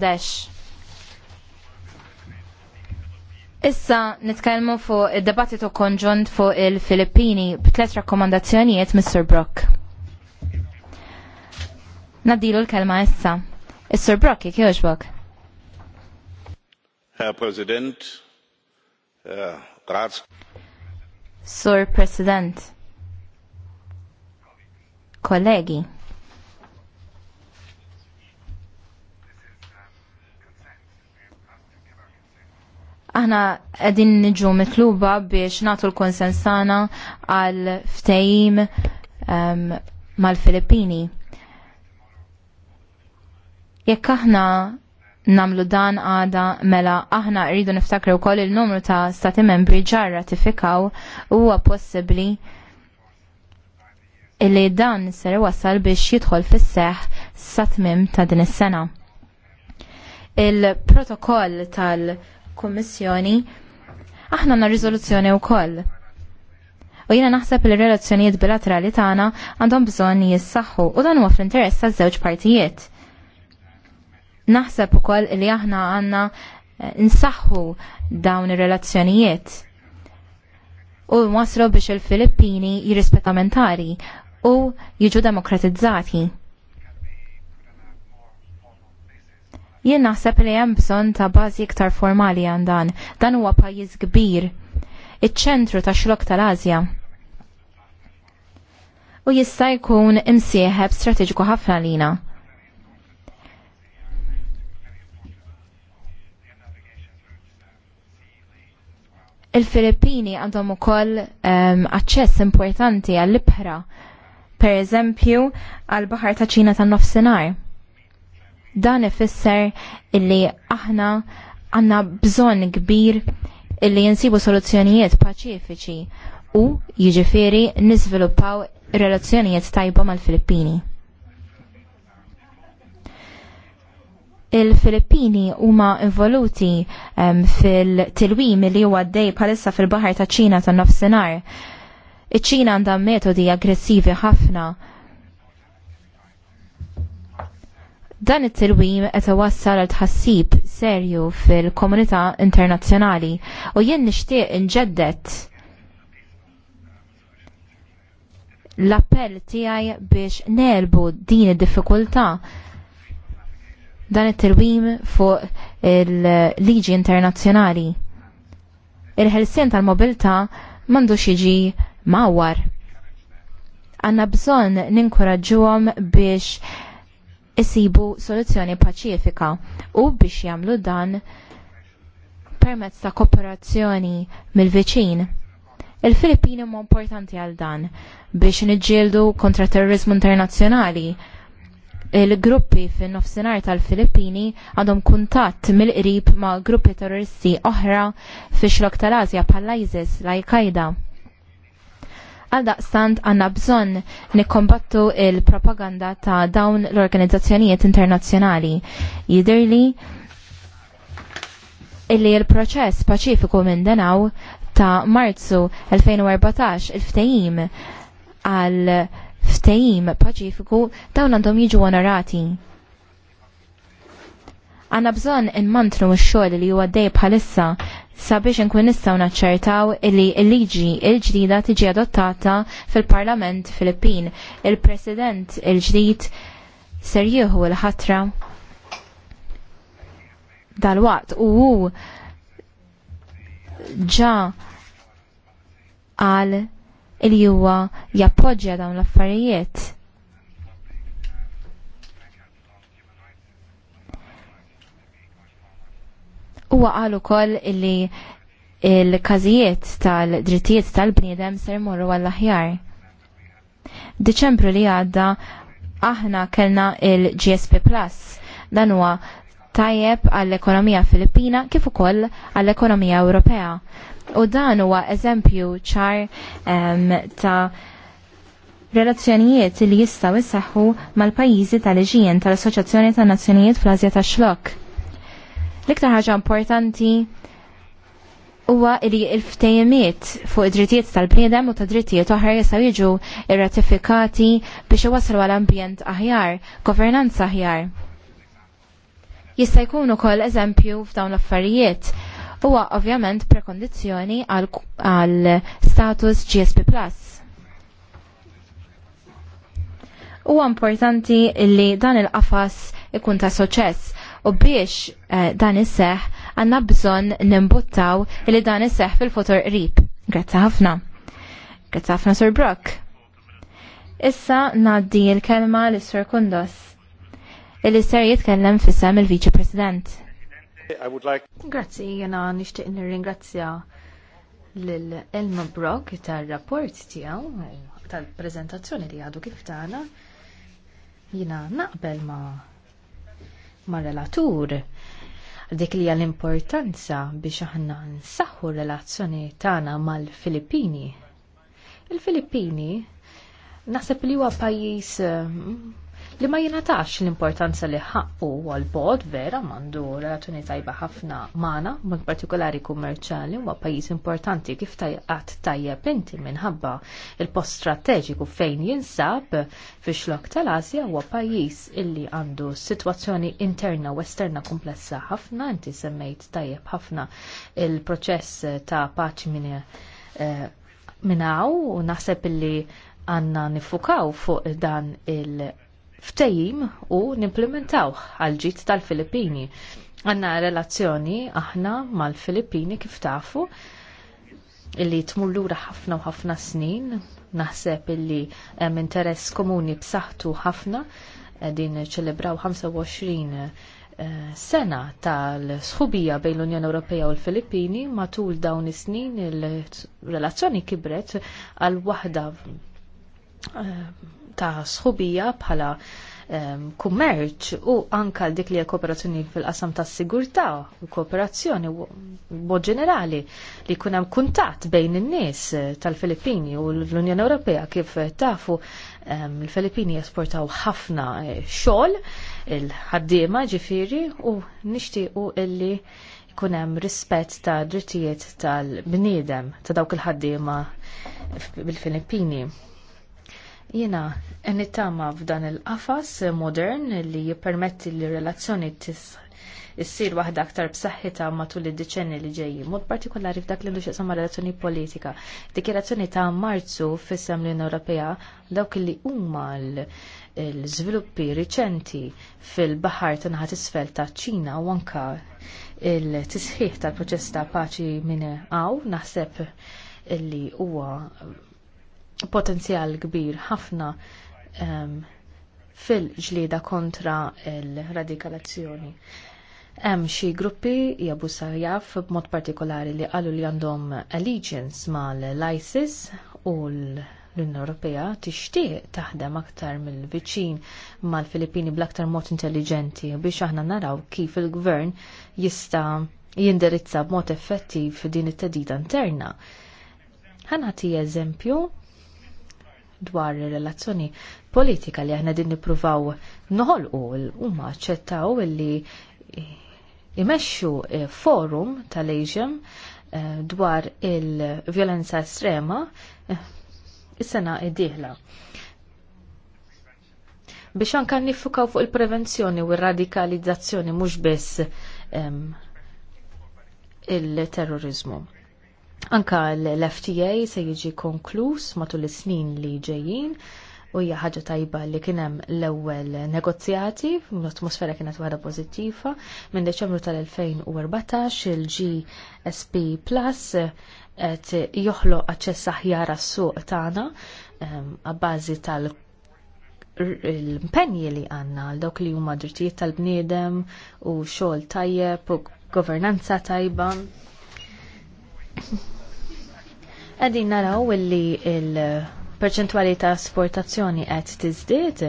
Dex. Issa nitkellmu fuq id-debattitu konġunt fuq il-Filippini b'tliet rakkomandazzjonijiet Mr. Brock. Nadilu l-kelma issa. Is-Sur Brock jek jogħġbok. Herr President, uh, Sur President, kollegi. Aħna qegħdin niġu mitluba biex nagħtu l-konsensana għal ftehim ehm, mal-Filippini. Jekk aħna namlu dan għada mela aħna rridu niftakru wkoll il-numru ta' stati membri ġar ratifikaw huwa possibbli illi dan ser wasal biex jidħol fis-seħ sa ta' din is-sena. Il-protokoll tal- kummissjoni aħna na riżoluzzjoni wkoll. U jiena naħseb li relazzjonijiet bilaterali tagħna għandhom bżonn jissaħħu u dan huwa fl-interess taż-żewġ partijiet. Naħseb ukoll li aħna għandna eh, nsaħħu dawn ir-relazzjonijiet u waslu biex il-Filippini jirrispettamentari u jiġu demokratizzati. Jien naħseb li hemm bżonn ta' bażi iktar formali għan dan. Dan huwa pajjiż kbir, iċ-ċentru ta' xlok tal-Asja. U jista' jkun imsieħeb strateġiku ħafna lina. Il-Filippini għandhom ukoll um, aċċess importanti għall-ibħra, per eżempju, għall-Baħar ta' Ċina tan-Nofsinhar. Dan ifisser illi aħna għanna bżonn kbir illi jinsibu soluzzjonijiet paċifiċi u jiġifieri niżviluppaw relazzjonijiet tajba mal-Filippini. il-Filippini huma involuti fil-tilwim li huwa għaddej bħalissa fil-baħar ta' ċina tan nofsinhar. Iċ-Ċina għandha metodi aggressivi ħafna Dan it-tilwim qed iwassal għal tħassib serju fil-komunità internazzjonali u jien nixtieq inġeddet l-appell tiegħi biex nerbu din id-diffikultà dan it-tilwim fuq il-liġi internazzjonali. Il-ħelsien tal-mobilta mandu jiġi mawar. Għanna bżon ninkoraġġuhom biex isibu soluzzjoni paċifika u biex jagħmlu dan permezz ta' kooperazzjoni mill-viċin. Il-Filippini huma importanti għal dan biex niġġieldu kontra terrorizmu internazzjonali il-gruppi fin nofsinhar tal-Filippini għandhom kuntatt mill-qrib ma' gruppi terroristi oħra fix xlok tal-Asja bħal ISIS l-Al-Qaeda. Għaldaqstant għandna bżonn nikkombattu il-propaganda ta' dawn l-organizzazzjonijiet internazzjonali. Jidirli illi il-proċess paċifiku minn denaw ta' Marzu 2014 il-ftejim għal ftejim paċifiku dawn għandhom jiġu onorati. Għanna bżon immantru mantru x-xogħol li huwa dej bħalissa sabiex inkun nistgħu naċċertaw li l-liġi l-ġdida tiġi adottata fil-Parlament Filippin. Il-President il-ġdid ser jieħu l-ħatra dal-waqt u hu ġa għal il-juwa jappoġġja dawn l-affarijiet Huwa qal ukoll li il-każijiet tal-drittijiet tal-bniedem ser morru għall-aħjar. Deċembru li għadda aħna kellna il-GSP Plus dan huwa tajjeb għall-ekonomija Filippina kif ukoll għall-ekonomija Ewropea. U dan huwa eżempju ċar um, ta' relazzjonijiet li jistgħu jissaħħu mal-pajjiżi tal-iġien tal-Assoċjazzjoni tan Nazzjonijiet fl azja tax-Xlok. L-iktar ħaġa importanti huwa li l ftejmiet fuq id-drittijiet tal-bniedem u ta' drittijiet oħra jistgħu jiġu rratifikati biex iwasslu għal ambjent aħjar, governanza aħjar. Jista' jkun ukoll eżempju f'dawn l-affarijiet huwa ovvjament prekondizzjoni għal status GSP Plus. Huwa importanti li dan il-qafas ikun ta' suċess u biex uh, dan isseħ għanna bżon nimbuttaw li dan isseħ fil-futur qrib. Grazzi ħafna. Grazzi ħafna Sur Brock. Issa naddi l-kelma l sur Kundos illi ser jitkellem sem il-Viċi President. Grazzi, jena nishtiq nirringrazzja l-Elma Brock tal-rapport tijaw, tal-prezentazzjoni li għadu kif tana. Jiena naqbel ma' ma' relatur dik li l-importanza biex aħna nsaħħu relazzjoni tagħna mal-Filippini. Il-Filippini naħseb li huwa pajjiż li ma jingħatax l-importanza li ħaqqu għal-bod vera mandu relazzjoni tajba ħafna mana, mod partikolari kummerċali huwa pajjiż importanti kif tajqat tajjeb inti minħabba il-post strateġiku fejn jinsab fi xlok tal-Asja huwa pajjiż illi għandu sitwazzjoni interna u esterna komplessa ħafna, inti semmejt tajjeb ħafna il-proċess ta' paċi minn eh, minnaw u naħseb illi għanna nifukaw fuq dan il- Ftehim u nimplementaw għal-ġit tal-Filippini. Għanna relazzjoni aħna mal-Filippini kif tafu illi tmullura ħafna u ħafna snin, naħseb illi hemm interess komuni b'saħħtu ħafna din ċelebraw 25 eh, sena tal-sħubija bejn l-Unjoni Ewropea u l-Filippini matul dawn is-snin il-relazzjoni kibret għal waħda eh, ta' sħubija bħala kummerċ u anka dik li kooperazzjoni fil-qasam ta' sigurtà u kooperazzjoni b'mod ġenerali li jkun hemm kuntatt bejn in-nies eh, tal-Filippini u l-Unjoni Ewropea kif tafu il-Filippini jesportaw ħafna eh, xogħol il-ħaddiema ġifieri u nixtiequ illi jkun hemm rispett ta' drittijiet tal-bniedem ta' dawk il-ħaddiema bil-Filippini. Jiena Nittama f'dan il-qafas modern li jippermetti li relazzjoni ssir waħda aktar b'saħħitha matul id-deċenni li ġejji, mod partikolari f'dak li ndux ma' relazzjoni politika. Dikjerazzjoni ta' Marzu fis-sem l-Unjoni Ewropea dawk li huma l-żviluppi riċenti fil-baħar tinħat isfel ta' Ċina u anka il-tisħiħ tal-proċess ta' paċi minn hawn naħseb li huwa potenzjal kbir ħafna fil-ġlieda kontra l-radikalazzjoni. Hemm xi gruppi jabu sajjaf b'mod partikolari li qalu li għandhom allegiance mal-ISIS u l- l-Unjoni Ewropea tixtieq taħdem aktar mill-viċin mal-Filippini bl-aktar mod intelligenti biex aħna naraw kif il-gvern jista' jindirizza b'mod effettiv din it-tedida interna. Ħanati eżempju dwar relazzjoni politika li aħna din nippruvaw noħolqu huma aċċettaw li imexxu eh, forum tal-Asian eh, dwar il-vjolenza estrema eh, is-sena id-dieħla biex anka nifukaw fuq il-prevenzjoni u r-radikalizzazzjoni mhux biss ehm, il-terrorizmu. Anka l-FTA se jiġi konkluż matul is-snin li ġejjin u hija ħaġa tajba li kien hemm l-ewwel negozjati, l-atmosfera kienet waħda pożittiva. Minn Deċembru tal-2014 il-GSP Plus qed joħloq aċċess aħjar għas-suq tagħna ehm, għabbażi tal l-impenji li għanna għal dawk li huma drittijiet tal-bniedem u xogħol tajjeb u governanza tajba Għadin naraw illi il-perċentuali ta' sportazzjoni qed tiżdied,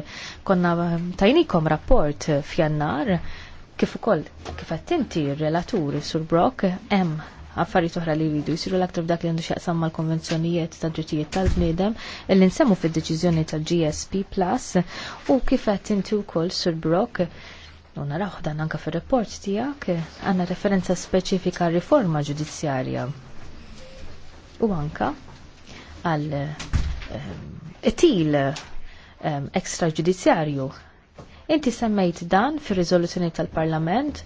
konna um, tajnikom rapport f'jannar kif ukoll kif qed inti r-relatur sur Brock hemm affarijiet oħra li jridu jsiru l-aktar f'dak li għandu x'jaqsam mal-konvenzjonijiet ta' drittijiet tal-bniedem li nsemmu fid-deċiżjoni ta' GSP Plus u kif qed inti wkoll sur Brock U naraw dan anka fir-report tiegħek għandna referenza speċifika riforma ġudizzjarja u anka għal eh, etil ekstraġudizzjarju. Eh, Inti semmejt dan fir riżoluzzjoni tal-Parlament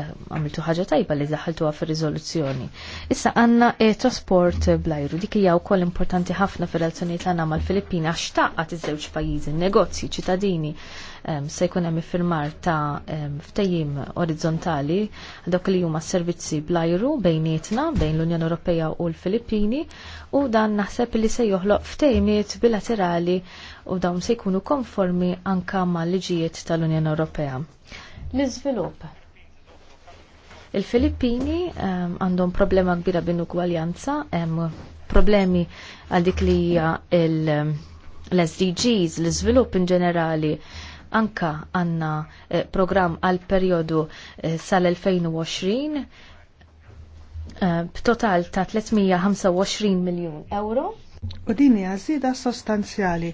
għamiltu ħaġa tajba li zaħaltu fir-riżoluzzjoni. Issa għandna trasport blajru dik hija wkoll importanti ħafna fir-relazzjonijiet għandna mal-Filippina għax taqqa iż-żewġ pajjiżi, negozji, ċittadini se jkun hemm iffirmar ta' ftehim orizzontali dawk li huma servizzi blajru bejnietna bejn l-Unjoni Ewropea u l-Filippini u dan naħseb li se joħloq ftehimiet bilaterali u dawn se jkunu konformi anka mal liġijiet tal-Unjoni Ewropea. L-iżvilupp Il-Filippini ehm, għandhom problema kbira bin-ugwaljanza, hemm problemi għal dik li hija l-SDGs, ehm, l-iżvilupp in ġenerali anka għanna eh, program għal periodu eh, sal-2020 ehm, b'total ta' 325 miljon euro. U din hija żieda sostanzjali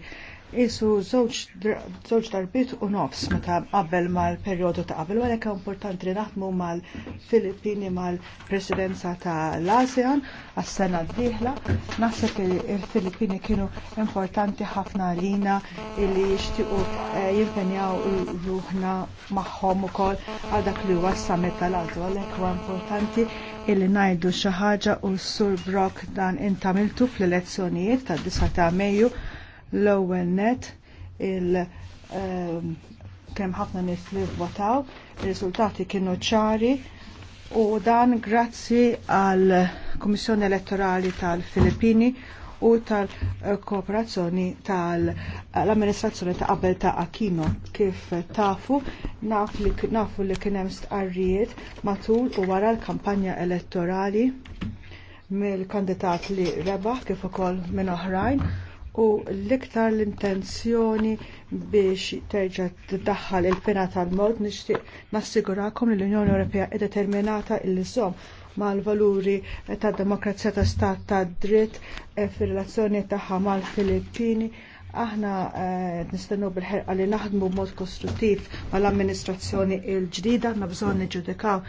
isu żewġ darbit u nofs meta qabel mal-perjodu ta' qabel, għalhekk importanti li naħdmu mal-Filippini mal-Presidenza ta' l-ASEAN għas-sena d-dieħla. Naħseb li l-Filippini kienu importanti ħafna għalina li jixtiequ eh, jimpenjaw ruħna magħhom ukoll għal dak li huwa s-summit tal-għadu għalhekk huwa importanti illi najdu xi ħaġa u s-Sur Brock dan intamiltu fl-elezzjonijiet tad-9 ta' Mejju L-ewwel net il ehm, kemm ħafna nies li votaw, ir-riżultati kienu ċari u dan grazzi għal Kummissjoni Elettorali tal-Filippini u tal-kooperazzjoni tal-amministrazzjoni ta' qabel ta' Aquino kif tafu nafu li kien hemm stqarrijiet matul u wara l-kampanja elettorali mill-kandidat li rebaħ kif ukoll minn oħrajn u l-iktar l-intenzjoni biex terġa t-daħħal il-pena tal-mod nixtieq nassigurakom li l-Unjoni Ewropea hija determinata illi żomm mal-valuri tad demokrazija ta' stat ta' dritt eh, fir-relazzjoni tagħha mal-Filippini aħna eh, nistennu bil-ħerqa li naħdmu b'mod kostruttiv mal-amministrazzjoni l ġdida ma bżonn niġġudikaw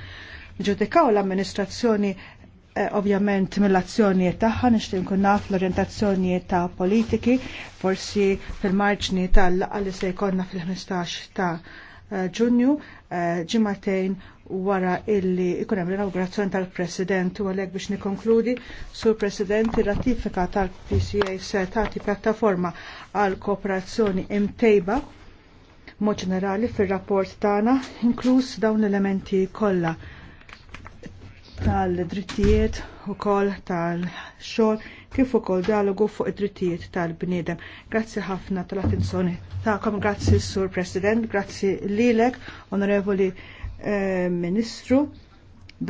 ġudikaw l-amministrazzjoni Eh, ovvjament mill-azzjonijiet tagħha nixtieq nkun naf l-orjentazzjonijiet ta' politiki, forsi fil-marġni tal-laqgħa li se jkollna fil-15 ta' eh, Ġunju, eh, ġimagħtejn wara illi ikun hemm l-inaugurazzjoni tal-President u għalhekk biex nikkonkludi sur President ir-ratifika tal-PCA se tagħti pjattaforma għal kooperazzjoni imtejba mod ġenerali fir-rapport tagħna inkluż dawn l-elementi kollha tal-drittijiet u kol tal-xol kif ukoll dialogu fuq id-drittijiet tal-bniedem. Grazzi ħafna tal-attenzjoni ta'kom, grazzi Sur President, grazzi lilek, Onorevoli eh, Ministru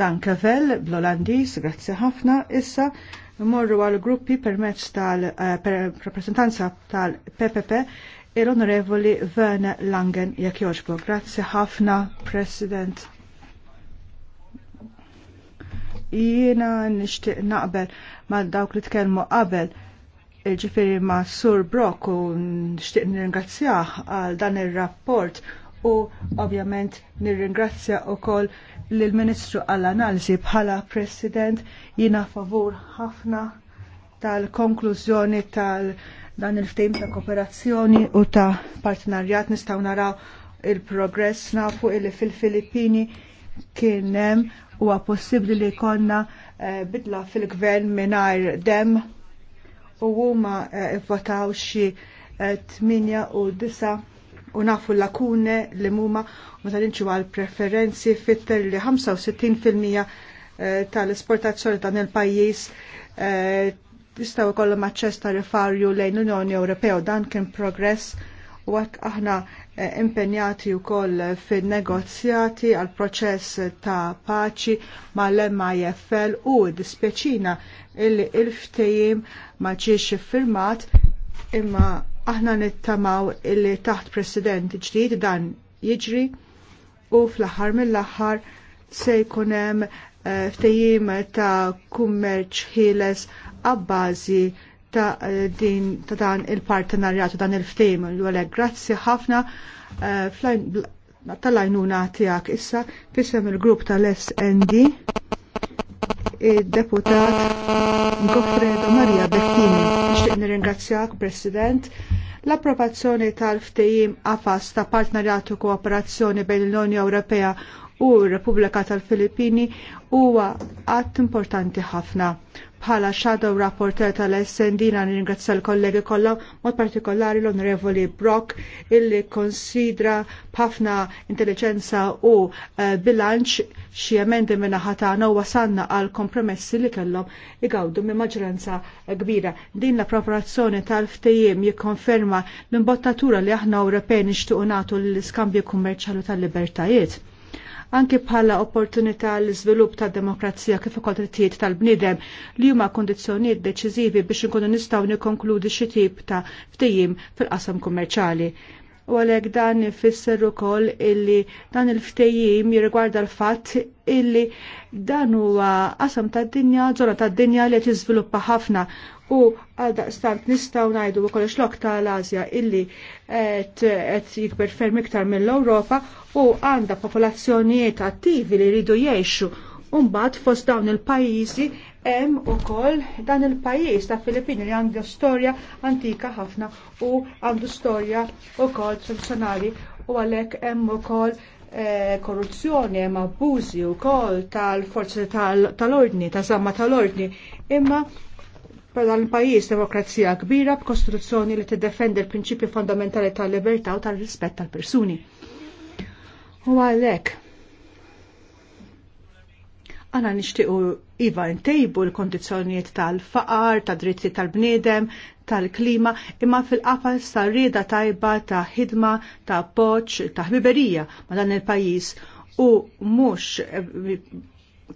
Dan Kavel bl-Olandis, grazzi ħafna. Issa morru għal gruppi permezz tal-rappresentanza eh, tal-PPP il-Onorevoli Werner Langen jekk joġbu. Grazzi ħafna, President. Jiena nixtieq naqbel ma' dawk li tkellmu qabel ġifiri ma' Sur Brock u nixtieq nirringrazzjah għal dan ir-rapport u ovvjament nirringrazzja wkoll lill ministru għall-analiżi bħala President jiena favur ħafna tal-konklużjoni tal dan il ftim ta' kooperazzjoni u ta' partenarjat nistgħu naraw il-progress nafu illi fil-Filippini kienem u possibli li konna eh, bidla fil-gvern minar dem u huma eh, votaw xi 8 eh, u 9 u nafu lakune li muma ma talinċu għal preferenzi fitter li 65% tal-esportazzjoni ta' nel-pajis jistaw kollu maċċesta rifarju lejn l-Unjoni Ewropea u dan kien progress u għak aħna Eh, impenjati wkoll fin-negozjati għal proċess ta' paċi mal-MIFL u dispjaċina illi il-ftejim ma ġiex firmat imma aħna nittamaw illi taħt president ġdid dan jiġri u fl-aħħar mill-aħħar se jkun hemm eh, ftejim ta' kummerċ ħieles għabbażi ta' din ta' dan il-partenarjat dan il-ftejm l grazzi ħafna eh, tal-għajnuna tijak issa fissem il-grupp tal-SND il-deputat Goffredo Maria Bettini. Nixtieq nirringrazzjak, President, l-approvazzjoni tal-ftejim AFAS ta' partnerjat u kooperazzjoni bejn l-Unjoni Ewropea u r-Repubblika tal-Filippini huwa qatt importanti ħafna bħala shadow Rapporteur tal-SNDina nirringrazzja l-kollegi kollha mod partikolari l-Onorevoli Brock illi konsidra b'ħafna intelligenza u eh, bilanċ xi emendi minna ħatana u wasanna għal kompromessi li kellhom igawdu minn maġranza kbira. Din la preparazzjoni tal-ftejjem jikkonferma l-imbottatura li aħna Ewropej nixtiequ nagħtu l-iskambju kummerċjali tal-libertajiet anki bħala opportunità l iżvilupp ta' demokrazija kif ukoll trittijiet tal-bniedem li huma kondizzjonijiet deċiżivi biex inkunu nistgħu nikkonkludi xi tip ta' ftehim fil-qasam kummerċali u għalhekk dan ifisser ukoll illi dan il ftejim jirrigwarda l-fatt illi dan huwa qasam tad-dinja, żona tad-dinja li tiżviluppa ħafna u għal daqstant nistaw najdu u kollox lok tal-Azja illi qed jikber ferm iktar mill-Ewropa u għandha popolazzjonijiet attivi li jridu jgħixu Umbat fost dawn il-pajjiżi hemm ukoll dan il-pajjiż ta' Filippini li għandu storja antika ħafna u għandu storja wkoll tradizzjonali u għalhekk hemm ukoll eh, korruzzjoni hemm abbużi wkoll tal-forzi tal-ordni, tal-żamma tal-ordni, imma Per dan il-pajjiż demokrazija kbira b'kostruzzjoni li tiddefendi l prinċipju fondamentali tal-libertà u tal-rispett tal-persuni. U għalhekk għana nixtiequ iva ntejbu l kondizjoniet tal-faqar, tad-dritti tal-bniedem, tal-klima, imma fil qafal ta' rida tajba ta' ħidma, ta' poċ, ta' ħbiberija ma' dan il-pajjiż u mux eh,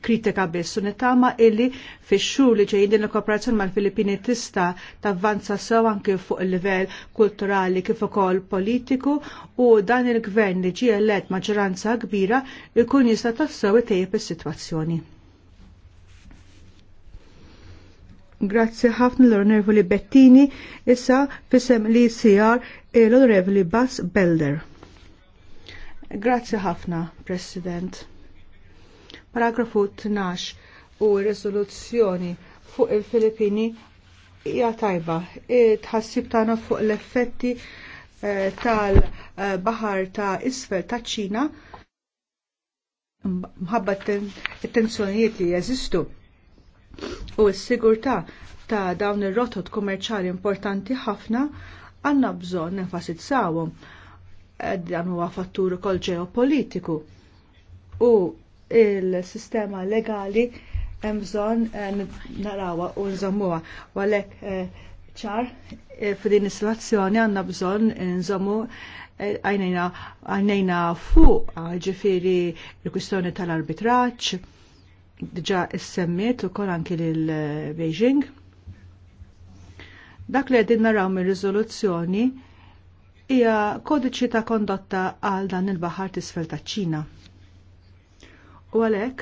kritika biss u nittama illi fix-xhur li ġejjin din il-kooperazzjoni mal-Filippini tista' tavvanza sew anke fuq il-livell kulturali kif ukoll politiku u dan il-gvern li ġie elett maġġoranza kbira jkun jista' tassew itejjeb is-sitwazzjoni. Grazzi ħafna l-Onorevoli Bettini, issa fisem li sijar l-Onorevoli Bas Belder. Grazzi ħafna, President. Paragrafu 12 u r-riżoluzzjoni fuq il-Filippini hija tajba. Tħassib tagħna fuq l-effetti eh, tal-baħar eh, ta' isfel ta' ċina mħabba t-tensjonijiet li jeżistu u s-sigurtà ta' dawn ir-rotot kummerċali importanti ħafna għandna bżonn nenfasizzawhom eh, dan huwa fattur kol ġeopolitiku u il-sistema legali hemm bżonn eh, narawha u nżommuha. Għalhekk eh, ċar eh, f'din is-situazzjoni għandna bżonn nżommu għajnejna fuq ah, ġifiri l-kwistjoni tal-arbitraċ, dġa s-semmiet u kol anki l-Beijing. Dak li għedin naraw min rizoluzzjoni hija kodiċi ta' kondotta għal dan il-baħar tisfel ta' ċina. U għalek,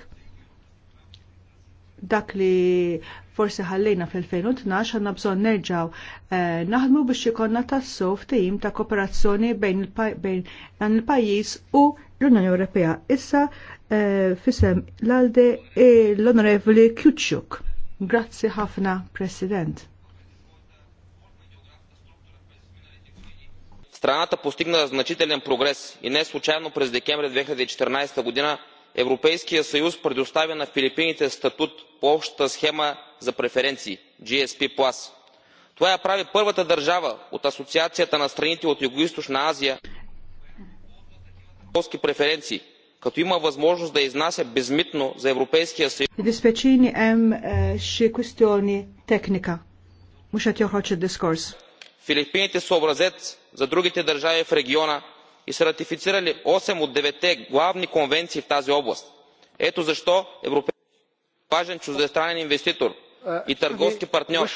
dak li forse ħallejna fl-2012 għanna bżon nerġaw eh, naħdmu biex ikonna tassow ftehim ta' kooperazzjoni bejn dan il-pajjiż u l-Unjoni Ewropea. Issa eh, fisem l-alde e l-Onorevoli Kjuċuk. Grazzi ħafna, President. Страната постигна значителен прогрес и не случайно през декември 2014 година Европейския съюз предоставя на Филипините статут по общата схема за преференции GSP+. Това я прави първата държава от Асоциацията на страните от Югоизточна Азия полски преференции, като има възможност да изнася безмитно за Европейския съюз. Дисpeċini hemm xi kwistjoni teknika. Mhux qed joħroġ Филипините са образец за другите държави в региона и са ратифицирали осем от деветте главни конвенции в тази област. ето защо европейският съюз е важен чуждестранен инвеститор uh, и търговски партньор.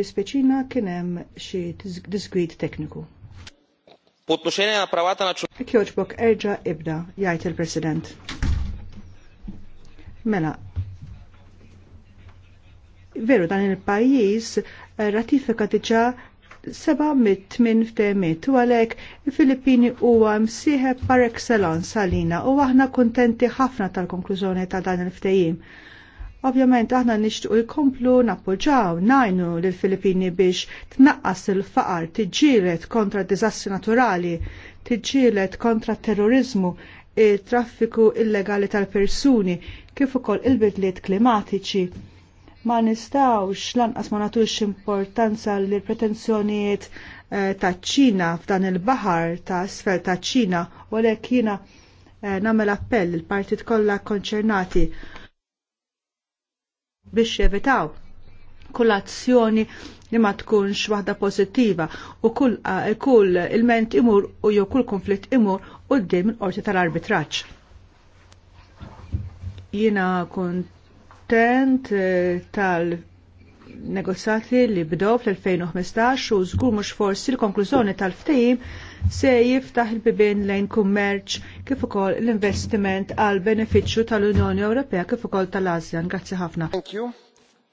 Dispeċina kien hemm xi tekniku. Putt xejn għal pravata naċċu. Kjoġbok erġa' ibda, il-President. Mela, veru dan il-pajjiż eh, ratifika diġà seba mit u għalhekk il-Filippini huwa msieħeb par excellence għalina u aħna kuntenti ħafna tal-konklużjoni ta' dan il-ftehim. Ovvjament aħna nixtiequ jkomplu nappoġġaw najnu lil filippini biex tnaqqas il-faqar tiġġielet kontra diżassi naturali, tiġġielet kontra terrorizmu, traffiku illegali tal-persuni kif ukoll il-bidliet klimatiċi. Ma nistawx lanqas ma natux importanza li l-pretenzjonijiet eh, taċ ċina f'dan il-baħar ta' sfel taċ ċina u għalhekk jiena eh, nagħmel appell il-partit kollha konċernati biex jevitaw kull azzjoni li ma tkunx waħda pożittiva u kull, eh, kull il-ment imur u jew kull konflitt imur u d-dim orti tal-arbitraċ. Jina kontent eh, tal- negozjati li bdow fl-2015 u żgur mhux forsi l-konklużjoni tal ftim se jiftaħ il bibin lejn kummerċ kif ukoll l-investiment għal benefiċċju tal-Unjoni Ewropea kif ukoll tal-ASEAN. Grazzi ħafna. Thank you.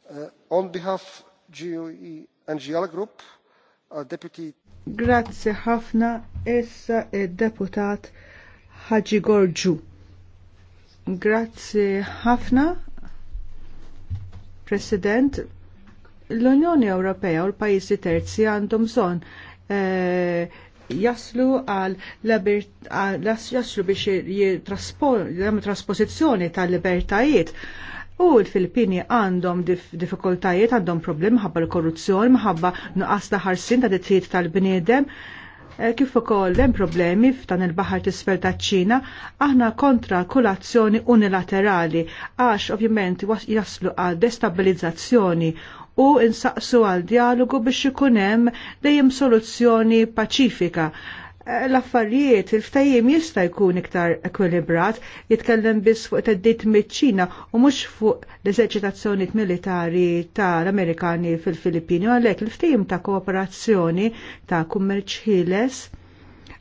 Uh, on behalf GUE Group, Grazie Grazzi ħafna issa id-deputat Ħaġi Gorġu. Grazzi ħafna, President. L-Unjoni Ewropea u l-pajjiżi terzi għandhom bżonn eh, jaslu għal jaslu biex jaslu trasposizjoni tal-libertajiet U l-Filippini għandhom diffikultajiet, għandhom problemi ħabba l-korruzzjoni, ħabba nuqqas ta' ħarsin ta' dettijiet tal-bniedem eh, kif ukoll hemm problemi f'dan il-baħar tisfel taċ-Ċina, aħna kontra kull azzjoni unilaterali għax ovvjament jaslu għal destabilizzazzjoni u insaqsu għal dialogu biex ikun hemm dejjem soluzzjoni paċifika l-affarijiet, il-ftajim jista' jkun iktar ekwilibrat, jitkellem biss fuq teddit miċ-Ċina u mhux fuq l-eżerċitazzjonijiet militari tal-Amerikani fil-Filippini, u għalhekk il-ftajim ta' kooperazzjoni ta' kummerċ ħieles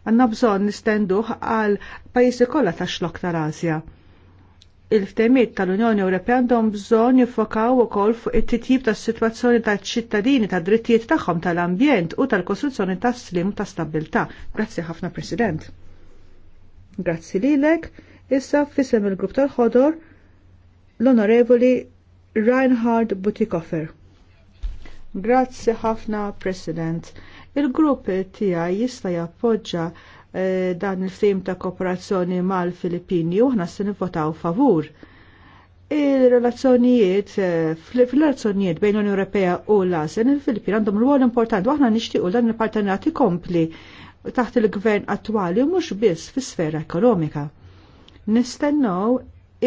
għandna bżonn nistenduh għal pajjiżi kollha tax-xlok tal-Asja il-ftemiet tal-Unjoni Ewropea għandhom bżonn jiffokaw ukoll fuq it-titjib tas-sitwazzjoni tal-ċittadini tad-drittijiet tagħhom tal-ambjent u tal-kostruzzjoni tas-slim ta' stabilità. Grazzi ħafna President. Grazzi lilek. Issa fisem il-grupp tal-ħodor l-Onorevoli Reinhard Butikoffer. Grazzi ħafna President. Il-grupp tiegħi jista' jappoġġa Eh, dan il-fim ta' kooperazzjoni mal-Filippini u ħna se nivvotaw favur. Il-relazzjonijiet, eh, fil-relazzjonijiet bejn l-Unjoni Ewropea u l-ASEAN, il-Filippini għandhom rwol importanti u aħna nixtiequ dan il-partenjat kompli taħt il-gvern attwali u mhux biss fis-sfera ekonomika. Nistennaw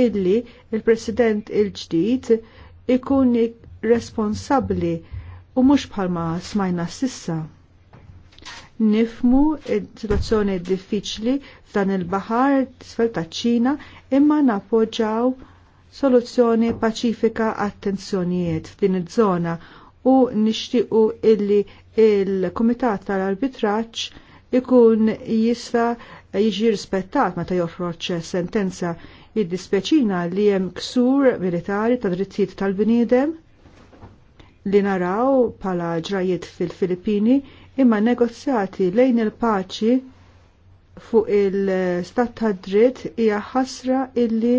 illi il-President il-ġdid ikun responsabbli u mhux bħalma smajna sissa nifmu situazzjoni diffiċli f'dan il-bahar tisfel ta' ċina imma napoġġaw soluzzjoni paċifika għat-tensjonijiet f'din iż-żona u nixtiequ illi il-Kumitat tal-Arbitraġġ ikun jista' jiġi rispettat meta joħroġ sentenza jiddispeċina li hemm ksur militari ta' drittijiet tal-bniedem li naraw pala ġrajiet fil-Filippini imma negozjati lejn il-paċi fuq il-stat ta' dritt hija ħasra illi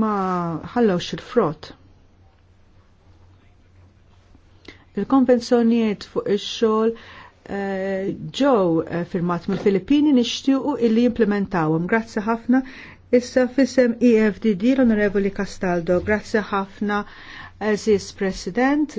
ma ħallawx il-frott. Il-konvenzjonijiet fuq ix-xogħol eh, ġew firmat mill-Filippini nixtiequ illi jimplementawhom. Grazzi ħafna issa fisem EFDD l-Onorevoli Castaldo. Grazzi ħafna Aziz President.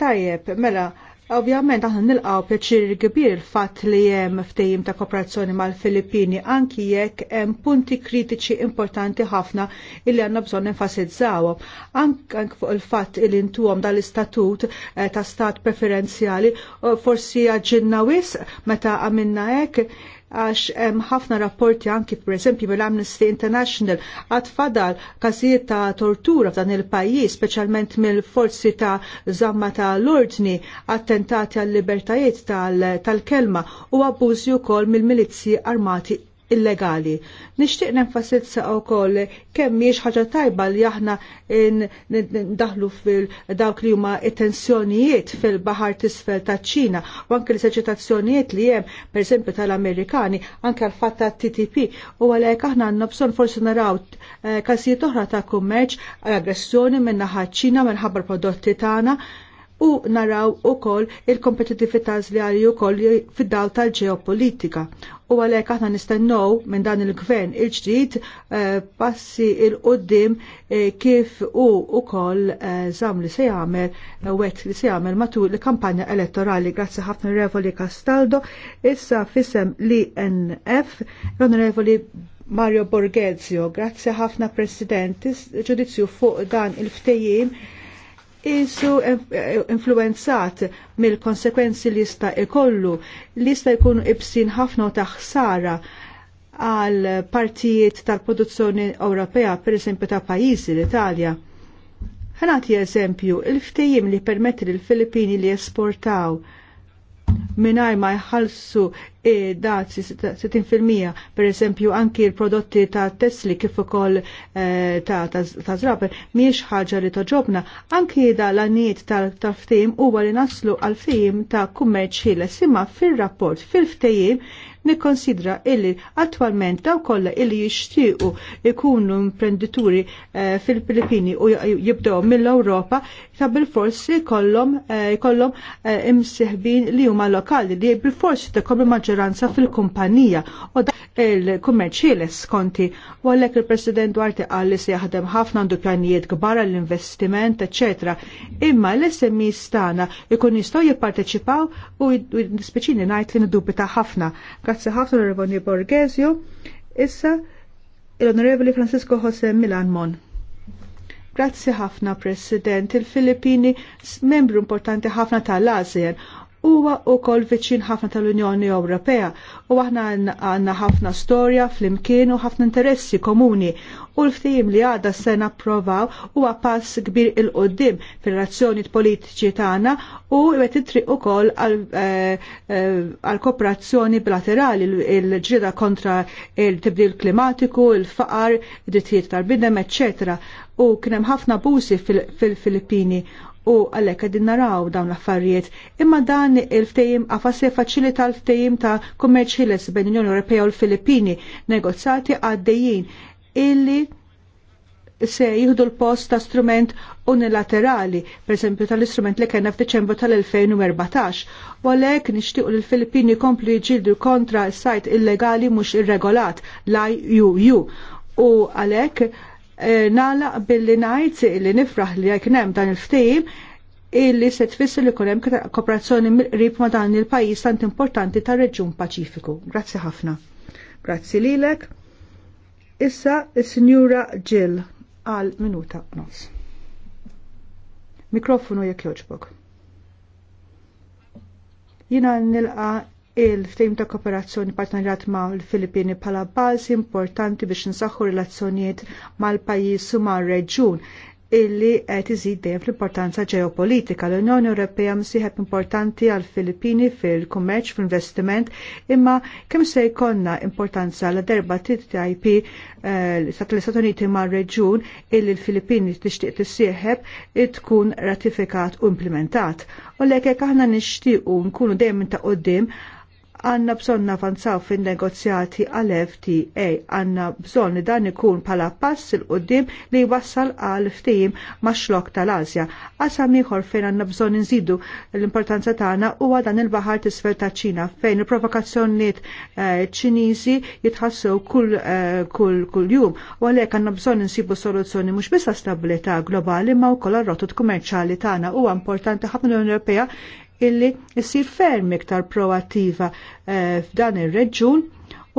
Tajjeb, mela, Ovvjament aħna nilqgħu pjaċir kbir fatt li hemm ftehim ta' kooperazzjoni mal-Filippini anki jekk hemm punti kritiċi importanti ħafna illi għandna bżonn enfasizzawhom. Anke fuq il-fatt il intuhom dal-istatut eh, ta' stat preferenzjali forsi għaġġinna wisq meta għamilna hekk għax hemm ħafna rapporti anki pereżempju mill-Amnesty International għad fadal każijiet ta' tortura f'dan il-pajjiż, speċjalment mill-forzi ta' żamma ta' l-ordni, attentati għall libertajiet tal-kelma u abbużi wkoll mill-milizzi armati illegali. Nixtieq nenfasizza wkoll kemm miex ħaġa tajba li aħna ndaħlu fil dawk li huma it-tensjonijiet fil-baħar tisfel taċ-Ċina u anke l-eċitazzjonijiet li hemm pereżempju tal-Amerikani anke l fatt tat-TTP u għalhekk aħna għandna bżonn forsi naraw eh, każijiet oħra ta' kummerċ aggressjoni minn naħa ċina minħabba prodotti tagħna u naraw ukoll il-kompetitività u wkoll fid-dawl tal-ġeopolitika. U għalhekk aħna nistennew minn dan il-gvern il-ġdid eh, passi il-qoddim eh, kif u koll zam eh, li se jagħmel wet li se jagħmel matul il-kampanja elettorali. Grazzi ħafna Revoli Castaldo, issa fissem li NF, l-Onorevoli Mario Borghezio, grazzi ħafna President, ġudizzju fuq dan il ftejim Jisu eh, influenzat mill-konsekwenzi li jista' ikollu li jista' jkun ibsin ħafna u taħsara għal partijiet tal-produzzjoni Ewropea, per esempio ta' pajjiżi l-Italja. Ħanati eżempju, il-ftejim li permetti l-Filippini li esportaw mingħajr ma jħalsu Dazi 60% per esempio anki il-prodotti ta' Tesli kif ukoll eh, ta', ta, ta miex ħaġa li toġobna anki da l-għaniet tal-ftim huwa li naslu għal-fim ta' kummerċ ħiles imma fil-rapport fil-ftejim nikkonsidra illi attwalment daw kollha illi jixtiequ ikunu imprendituri eh, fil-Filippini u jibdew mill-Ewropa ta' bil-forsi kollhom eh, kollhom eh, imsieħbin li huma lokali li bil-forsi tekom maġġoranza fil-kumpanija u da il-kummerċieli skonti u għalhekk il-President Duarte qal li se jaħdem ħafna għandu pjanijiet kbar għall-investiment, eċetera. Imma l-SMI e stana jkun jistgħu jipparteċipaw u nispeċini ngħid li nidubita ħafna. Grazzi ħafna l-Revoni Borgesio. Issa l-Onorevoli Francisco Jose Milan Mon. Grazzi ħafna, President. Il-Filippini membru importanti ħafna tal-ASEAN huwa wkoll viċin ħafna tal-Unjoni Ewropea u aħna għandna ħafna storja flimkien u ħafna interessi komuni u l-ftim li għadha se napprovaw huwa pass kbir il qoddim fir-razzjoni politiċi tagħna u qed itriq ukoll eh, eh, għal kooperazzjoni bilaterali il-ġrieda kontra il-tibdil klimatiku, il-faqar, id dittijiet tal-bidem, eċċetera u kienem ħafna busi fil-Filippini u għalhekk qegħdin naraw dawn l-affarijiet. Imma dan il-ftehim qafas se faċilita l ftejim ta' kummerċ bejn unjoni Ewropea u l-Filippini negozjati għaddejjin illi se jieħdu l-post ta' strument unilaterali, per esempio tal-istrument li kena f'Deċembru tal-2014, u għalhekk nixtiequ li l-Filippini komplu jġildu kontra s-sajt illegali mhux irregolat, l-IUU, u għalhekk Eh, nala billi najt li nifraħ li jekk hemm dan il ftim illi se tfisser li kunem kooperazzjoni mill-qrib ma dan il-pajjiż tant importanti tar-Reġjun Paċifiku. Grazzi ħafna. Grazzi lilek. Issa is-Sinjura Jill għal minuta nofs. Mikrofonu jekk joġbok. Jina nilqa il-ftejm ta' kooperazzjoni partnerjat ma' l-Filippini pala bażi importanti biex nsaħħu relazzjonijiet mal-pajjiż u mal-reġjun illi qed iżid fl-importanza ġeopolitika. L-Unjoni Ewropea msieħeb importanti għal Filippini fil-kummerċ, fil-investiment, imma kemm se jkollna importanza l derba TTIP eh, l istati Uniti mar-reġjun illi l-Filippini tixtieq tissieħeb tkun ratifikat u implementat. U lekek aħna nixtiequ nkunu dejjem ta' qudiem għanna bżon navanzaw fin negozjati għal FTA, għanna bżon li dan ikun pala pass il qoddim li jwassal għal ftim ma' xlok tal-Azja. Għasa ieħor fejn għanna bżon nżidu l-importanza tagħna huwa dan il-baħar t ta' Ċina fejn il-provokazzjonijiet eh, Ċiniżi jitħassew eh, kull kull jum u għalhekk għandna bżonn insibu soluzzjoni mhux biss stabilità globali ma wkoll ar-rotot kummerċjali tagħna huwa importanti ħafna l Ewropea illi jisir ferm iktar proattiva eh, f'dan ir-reġun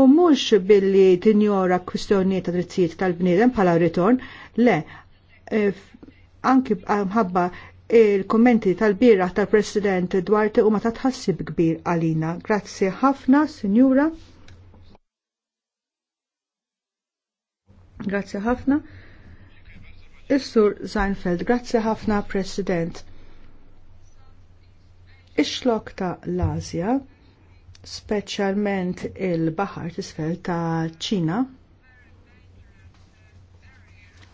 u mhux billi tinjora kwistjonijiet ta' drittijiet tal-bniedem bħala ritorn, le, eh, anki mħabba il-kommenti tal-bira tal-President Duarte u ma ta' tħassib kbir għalina. Grazzi ħafna, Signora. Grazzi ħafna. Is-Sur Seinfeld, grazzi ħafna, President. Ix-xlok ta' l azja speċjalment il-baħar tisfel ta' Ċina,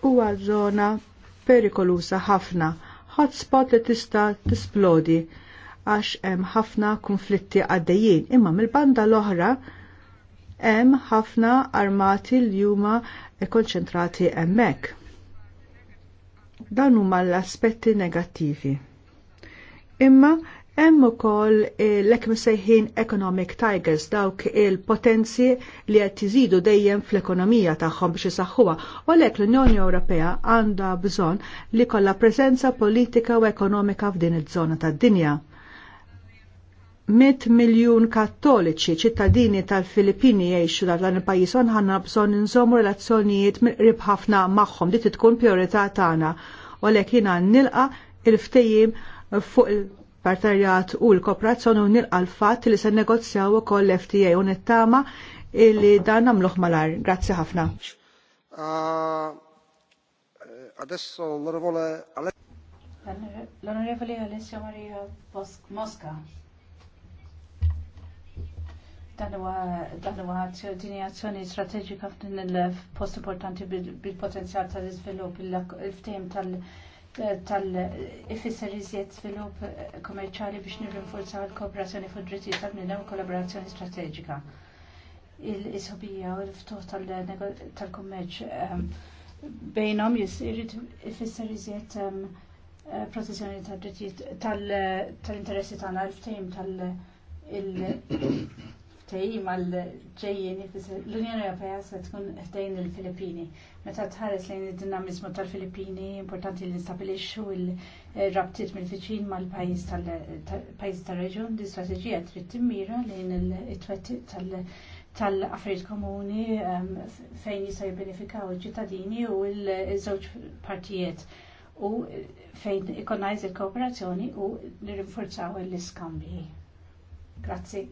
huwa żona perikolusa ħafna, hotspot li tista' tisplodi għax hemm ħafna konflitti għaddejjin, imma mill-banda l-oħra hemm ħafna armati li huma konċentrati hemmhekk. Dan huma l-aspetti negattivi. Imma Hemm ukoll eh, l-ek sejħin Economic Tigers dawk il-potenzi li qed iżidu dejjem fl-ekonomija tagħhom biex isaħħuha, u għalhekk l-Unjoni Ewropea għandha bżonn li kollha preżenza politika u ekonomika f'din iż-żona tad-dinja. 100 miljun kattoliċi ċittadini tal-Filippini jgħixu dan il-pajjiż ħanna bżonn inżommu relazzjonijiet ribħafna ħafna magħhom li tkun priorità tagħna u għalhekk jiena nilqa' il-ftejjim fuq il partarjat u l-kooperazzjoni u nilqa l-fatt li se negozjaw ukoll l-FTA u nittama illi dan namluħ malar. Grazzi ħafna. Uh, adesso l-onorevole L-onorevole Alessia Maria Mosca. Dan huwa din azzjoni strateġika f'din il-post importanti bil-potenzjal tal-iżvilupp, il-ftehim tal-iżvilupp tal-ifisser iżjed svilup eh, kommerċali biex nirrinforzaw l-kooperazzjoni fuq drittijiet tal-bniedem u kollaborazzjoni strateġika. Il-isobija u l-ftuħ tal-kummerċ ehm, bejnhom jrid ifisser iżjed ehm, eh, protezzjoni drittijiet eh, tal-interessi tal-, tal, tal, tal ftejim għal ġejjeni l-Unjoni Ewropea se tkun ftejn il-Filippini. Meta tħares lejn id-dinamizmu tal-Filippini importanti li nistabilixxu il-rabtiet mill-viċin mal-pajjiż tal-pajjiż tar-reġjun di strateġija trid timmira lejn it-twettiq tal- tal-affarijiet komuni ehm, fejn jistgħu jibbenefikaw il-ċittadini u l-żewġ partijiet u fejn ikonna il-kooperazzjoni u nirrinforzaw l-iskambji. Grazzi.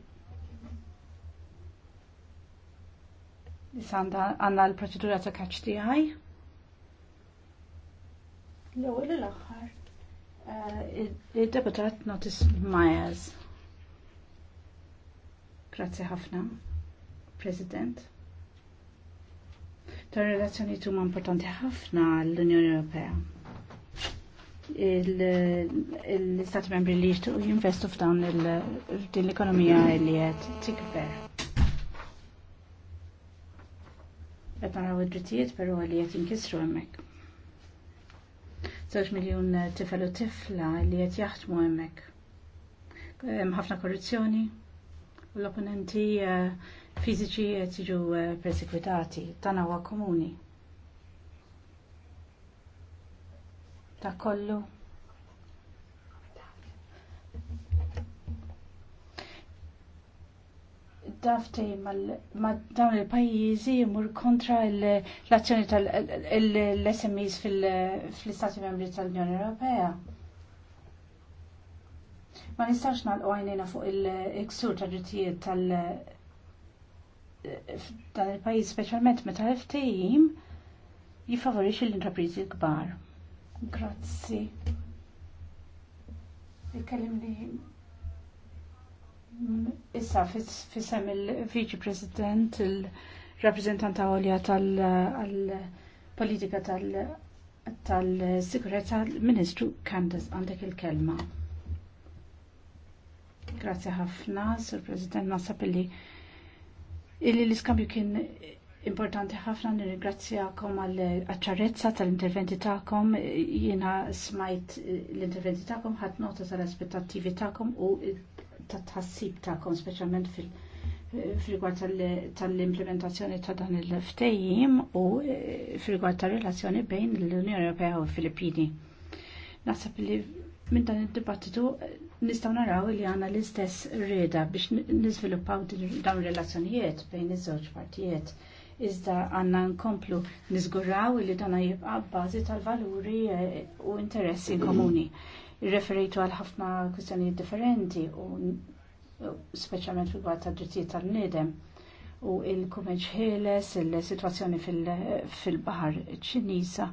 Nisanda għanna l procedura ta' kaċ għaj? l għu l-axħar. Il-deputat Notis Myers. Grazie ħafna, President. Ta' relazzjoni tu ma' importanti ħafna l-Unjoni Ewropea. Il-Stati membri li jistu jinvestu f'dan l-ekonomija li jgħet tikber qed naraw id-drittijiet però li qed jinkisru hemmhekk. Żewġ miljun tifel u tifla li qed jaħdmu hemmhekk. Hemm ħafna korruzzjoni u l-opponenti eh, fiżiċi qed jiġu eh, persekwitati tagħna huwa komuni. Ta' kollu daftej ma dawn il-pajjiżi jmur kontra l-azzjoni tal-SMEs fil-Istati Membri tal-Unjoni Ewropea. Ma nistax nalqu għajnina fuq il-iksur tal drittijiet tal- dan il-pajjiż speċjalment meta ftehim jifavorixxi l-intrapriżi kbar. Grazzi. Ikellimni issa fissem il-Viċi President, il-Rappresentanta għolja tal-Politika tal-Sikurezza, il-Ministru Kandas, għandek il-kelma. Grazie ħafna, Sir President, ma sapilli illi l kien importanti ħafna nirringrazzjakom għal ċarrezza tal-interventi tagħkom. Jiena smajt l-interventi tagħkom ħat nota tal-aspettattivi tagħkom u ta' tħassib ta'kom, specialment fil- fil-gwar tal-implementazzjoni ta' dan il-ftejjim u eh, fil-gwar tal-relazzjoni bejn l-Unjoni Ewropea u l-Filippini. Nasab li minn dan il-dibattitu eh, nistaw naraw li għanna l-istess reda biex nizviluppaw dawn relazzjonijiet bejn iż-żewġ partijiet. Iżda għanna nkomplu nizguraw li dan jibqa' bażi tal-valuri eh, u interessi komuni. Mm referejtu għal ħafna kwistjonijiet differenti u speċjalment fil-gwad ta' drittijiet tal-nidem u il-kumeġ ħeles, il-situazzjoni fil-bahar ċinisa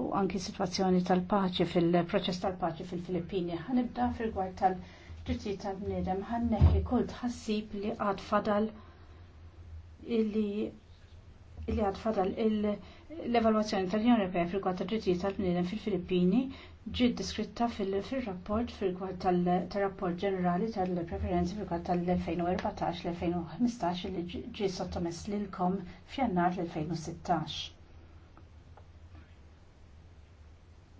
u anki situazzjoni tal-paċi fil-proċess tal-paċi fil-Filippini. Ħanibda fil-gwad tal-drittijiet tal-nidem ħanneħi kull tħassib li għad fadal illi li għad fadal l-evaluazzjoni tal union Ewropea fil ta' tal-ġittijiet tal-bniedem fil-Filippini ġiet diskritta fil-rapport fil-gwad tal-rapport ġenerali tal-preferenzi fil-gwad tal-2014-2015 li ġi sottomess lilkom f'jannar l-2016.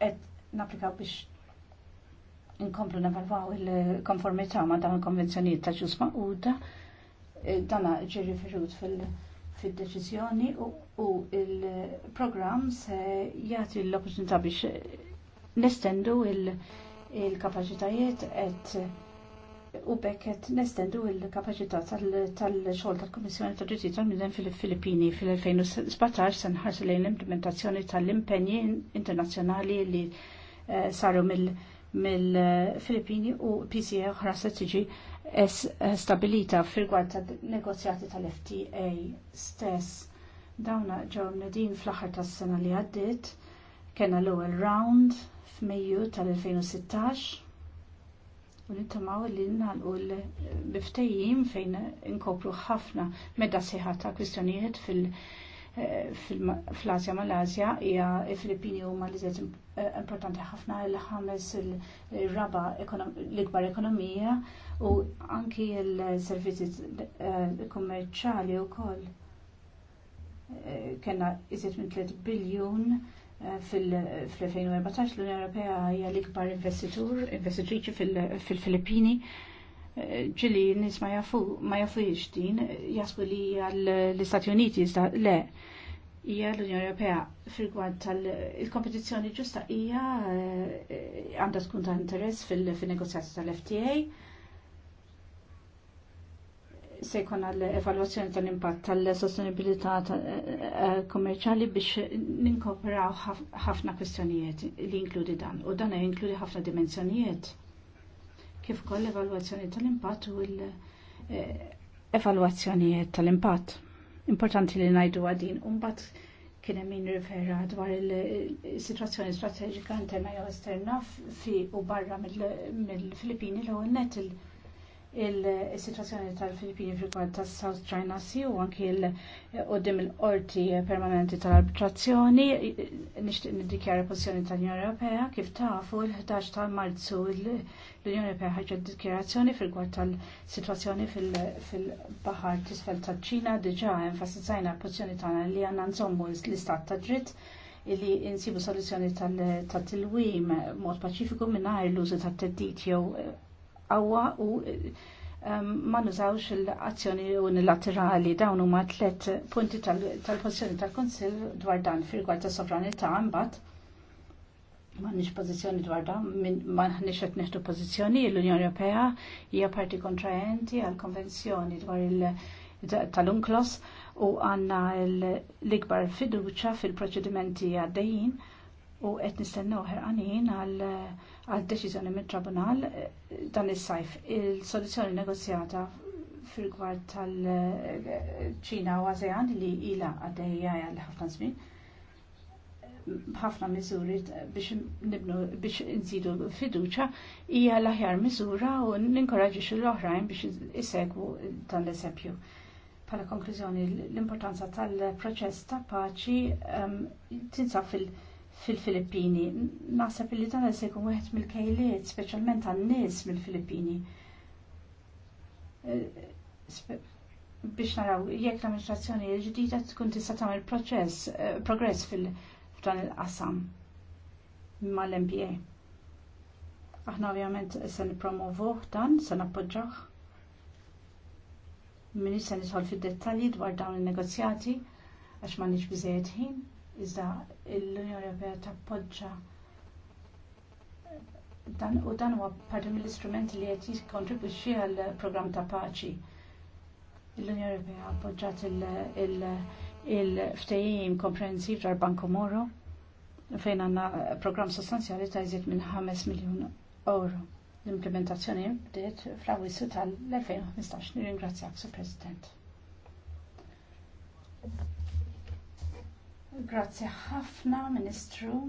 Et naplikaw biex inkomplu nevalvaw il-konformità ma dawn il-konvenzjonijiet ta' ġusma u da eh, dana riferut fil-fil- fid-deċiżjoni u il-programm se jagħti l-opportunità biex nestendu il-kapaċitajiet et u bekk qed nestendu il-kapaċità tal-xogħol tal-Kummissjoni tad-Drittijiet tal-Midem fil-Filippini fil-2017 se nħarsu lejn l-implementazzjoni tal-impenji internazzjonali li eh, saru mill-Filippini u PCA e oħra se tiġi Eh, stabilita fil-gwad ta' negozjati tal-FTA stess. Dawna ġew din fl-aħħar tas-sena li għaddiet kena l-ewwel round f'Mejju tal-2016 u nittamaw li nagħlqu l-biftejjim fejn inkopru ħafna medda sieħa ta' kwistjonijiet fil- fl-Asja mal-Asja hija Filippini huma li żed importanti ħafna il ħames il-raba l-ikbar ekonomija u anki l-servizzi kummerċali eh, wkoll eh, kena iżjed minn 3 biljun eh, fil-2014 l-Unjoni Ewropea hija l-ikbar investitur, investitriċi fil-Filippini. fil filippini ġili nis ma jafu ma jafu din jasbu li l-Istati Uniti jista' le hija l-Unjoni Ewropea fil tal-kompetizzjoni ġusta hija eh, għandha tkun ta' interess fil-negozjati tal-FTA se jkun għall-evalwazzjoni tal-impatt tal-sostenibilità eh, kommerċali biex ninkopraw ħafna kwistjonijiet li jinkludi dan u dan inkludi ħafna dimensjonijiet kif ukoll l-evalwazzjoni tal-impatt u l-evalwazzjonijiet eh, tal-impatt. Importanti li najdu għadin. Umbat kien hemm min rifera dwar il-sitwazzjoni strateġika interna jew esterna fi u barra mill-Filippini l-ewwel net il- il-situazzjoni tal-Filippini fil kwad tas South China Sea u anki l-qoddim il-qorti permanenti tal-arbitrazzjoni nixtieq niddikjara pożizzjoni tal-Unjoni Ewropea kif tafu l-11 ta' Marzu l-Unjoni Ewropea ħarġet dikjarazzjoni fil kwad tal-situazzjoni fil-baħar tisfel tal-Ċina diġà enfasizzajna l tal tagħna li għandna nżommu l-istat ta' dritt li insibu soluzzjoni tal-tilwim mod paċifiku mingħajr l-użu tal teddit jew qawwa u ehm, ma nużawx l-azzjoni unilaterali dawn huma tliet punti tal-pożizzjoni tal-Kunsill dwar dan fil-rigward ta' sovranità imbagħad m'għandniex pożizzjoni dwar dan m'aħniex qed neħdu pożizzjoni l-Unjoni Ewropea hija parti kontraenti għall-Konvenzjoni dwar il- tal-unklos u għanna l-ikbar fiduċa fil-proċedimenti għaddejjin u qed nistennew ħerqanin għal deċiżjoni mit-tribunal eh, dan is-sajf. Il-soluzzjoni negozjata fil-gwart tal-ċina u ASEAN li ila għaddejja għal ħafna żmien ħafna miżuri biex nibnu biex nżidu fiduċa hija l-aħjar miżura u ninkoraġġi l-oħrajn biex isegwu dan l-eżempju. Pala konklużjoni, l-importanza tal-proċess ta' paċi ehm, tinsab fil- fil-Filippini. Naħseb li dan se jkun wieħed mill-kejliet, speċjalment għan-nies mill-Filippini. Eh, biex naraw, jekk l-amministrazzjoni l-ġdida tkun tista' tagħmel proċess, eh, progress fil-dan il-qasam mal mpa Aħna ovvjament se nippromovuh dan, se nappoġġaħ. Minni se nidħol fid-dettalji dwar dawn in negozjati għax ma nix biżejjed ħin iżda l-Unjoni Ewropea tappoġġa dan u dan huwa parti mill-istrumenti li qed jikkontribwixxi għal programm ta' paċi. L-Unjoni Ewropea appoġġat il-ftehim komprensiv tal Banko Moro fejn għandna programm sostanzjali ta' jżid minn 5 miljun euro l-implementazzjoni bdiet fl-awissu tal-2015. Nirringrazzjak, Sur President. Grazie ħafna, Ministru.